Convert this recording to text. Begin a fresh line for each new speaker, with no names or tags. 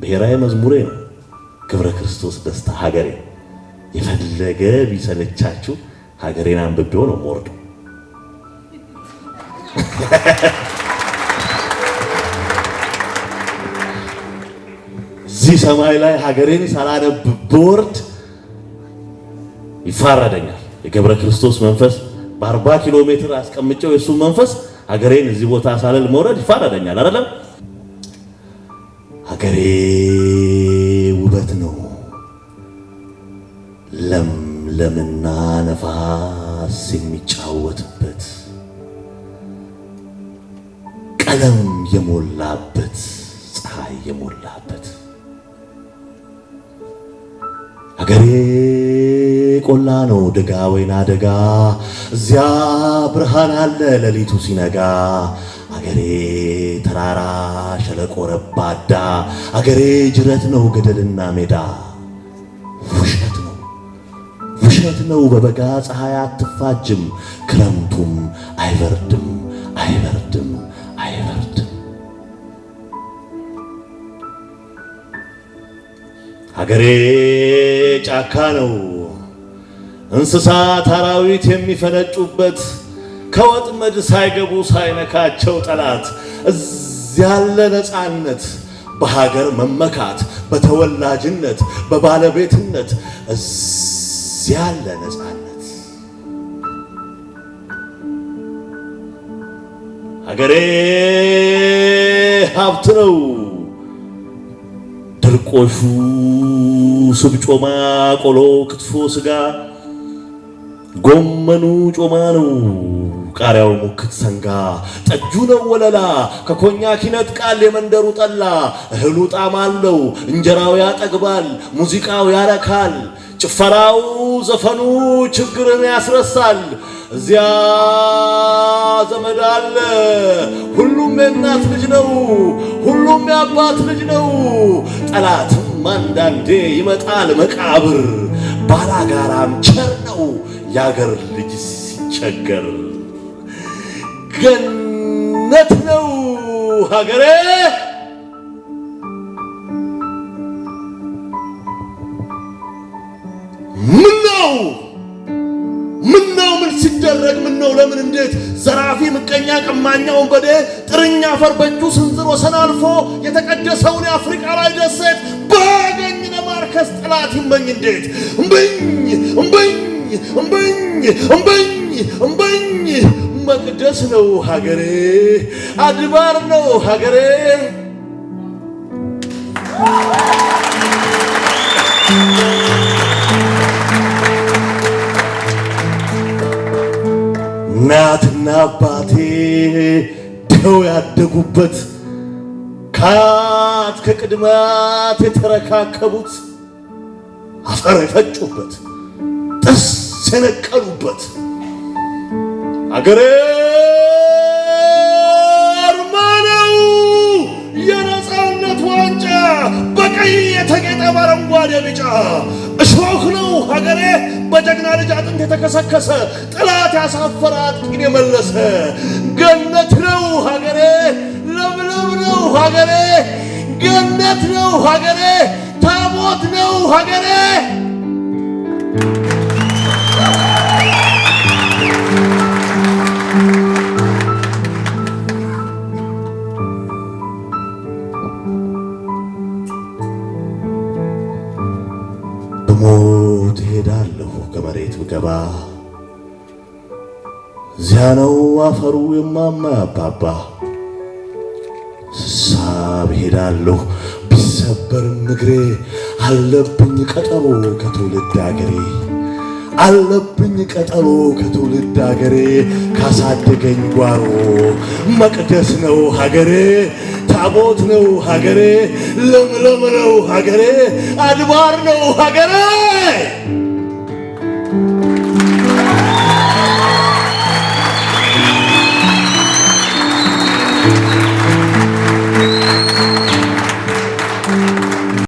ብሔራዊ መዝሙሬ ነው። ክብረ ክርስቶስ ደስታ ሀገሬ የፈለገ ቢሰለቻችሁ ሀገሬን አንብቤው ነው ሞርዶ እዚህ ሰማይ ላይ ሀገሬን ሳላነብ ብወርድ ይፋረደኛል። የገብረ ክርስቶስ መንፈስ በአርባ ኪሎ ሜትር አስቀምጨው የእሱ መንፈስ ሀገሬን እዚህ ቦታ ሳልል መውረድ ይፋረደኛል አይደለም። የሀገሬ ውበት ነው ለምለምና ነፋስ የሚጫወትበት ቀለም የሞላበት ፀሐይ የሞላበት ሀገሬ ቆላ ነው ደጋ ወይና ደጋ እዚያ ብርሃን አለ ሌሊቱ ሲነጋ አገሬ ተራራ ሸለቆ ረባዳ፣ አገሬ ጅረት ነው ገደልና ሜዳ። ውሸት ነው ውሸት ነው በበጋ ፀሐይ አትፋጅም፣ ክረምቱም አይበርድም አይበርድም አይበርድም። አገሬ ጫካ ነው እንስሳት አራዊት የሚፈነጩበት ከወጥመድ ሳይገቡ ሳይነካቸው ጠላት እዚያለ ነፃነት በሀገር መመካት በተወላጅነት በባለቤትነት እዚያለ ነፃነት ሀገሬ ሀብት ነው። ድርቆሹ ስብጮማ፣ ቆሎ፣ ክትፎ፣ ስጋ ጎመኑ ጮማ ነው፣ ቃሪያው ሙክት ሰንጋ፣ ጠጁ ነው ወለላ፣ ከኮኛክ ይነጥቃል የመንደሩ ጠላ። እህሉ ጣዕም አለው፣ እንጀራው ያጠግባል፣ ሙዚቃው ያረካል፣ ጭፈራው ዘፈኑ ችግርን ያስረሳል። እዚያ ዘመድ አለ፣ ሁሉም የእናት ልጅ ነው፣ ሁሉም የአባት ልጅ ነው። ጠላትም አንዳንዴ ይመጣል መቃብር፣ ባላጋራም ቸር ነው የአገር ልጅ ሲቸገር ገነት ነው ሀገሬ። ምነው ምነው ምን ሲደረግ ምነው ለምን እንዴት ዘራፊ፣ ምቀኛ፣ ቀማኛ ወንበዴ ጥርኛ አፈር በእጁ ስንዝር ወሰን አልፎ የተቀደሰውን የአፍሪቃ ላይ ደሴት ባገኝ ለማርከስ ጠላት ይመኝ እንዴት እምብኝ እምብኝ እምበኝ እምበኝ እምበኝ መቅደስ ነው ሀገሬ፣ አድባር ነው ሀገሬ። እናትና አባቴ ደው ያደጉበት ከአያት ከቅድማት የተረካከቡት አፈር የፈጩበት ተሰነቀሉበት። አገሬ አርማ ነው የነፃነት ዋንጫ በቀይ የተጌጠ በአረንጓዴ ቢጫ እሾህ ነው ሀገሬ በጀግና ልጅ አጥንት የተከሰከሰ ጠላት ያሳፈራት ቂን የመለሰ ገነት ነው ሀገሬ ለምለም ነው ሀገሬ ገነት ነው ሀገሬ ታቦት ነው ሀገሬ ሞት እሄዳለሁ ከመሬት ብገባ እዚያ ነው አፈሩ የማማ አባባ ሳብ ሄዳለሁ ቢሰበርም እግሬ አለብኝ ቀጠሮ ከትውልድ አገሬ አለብኝ ቀጠሮ ከትውልድ አገሬ ካሳደገኝ ጓሮ መቅደስ ነው ሀገሬ ታቦት ነው ሀገሬ፣ ለምለም ነው ሀገሬ፣ አድባር ነው ሀገሬ።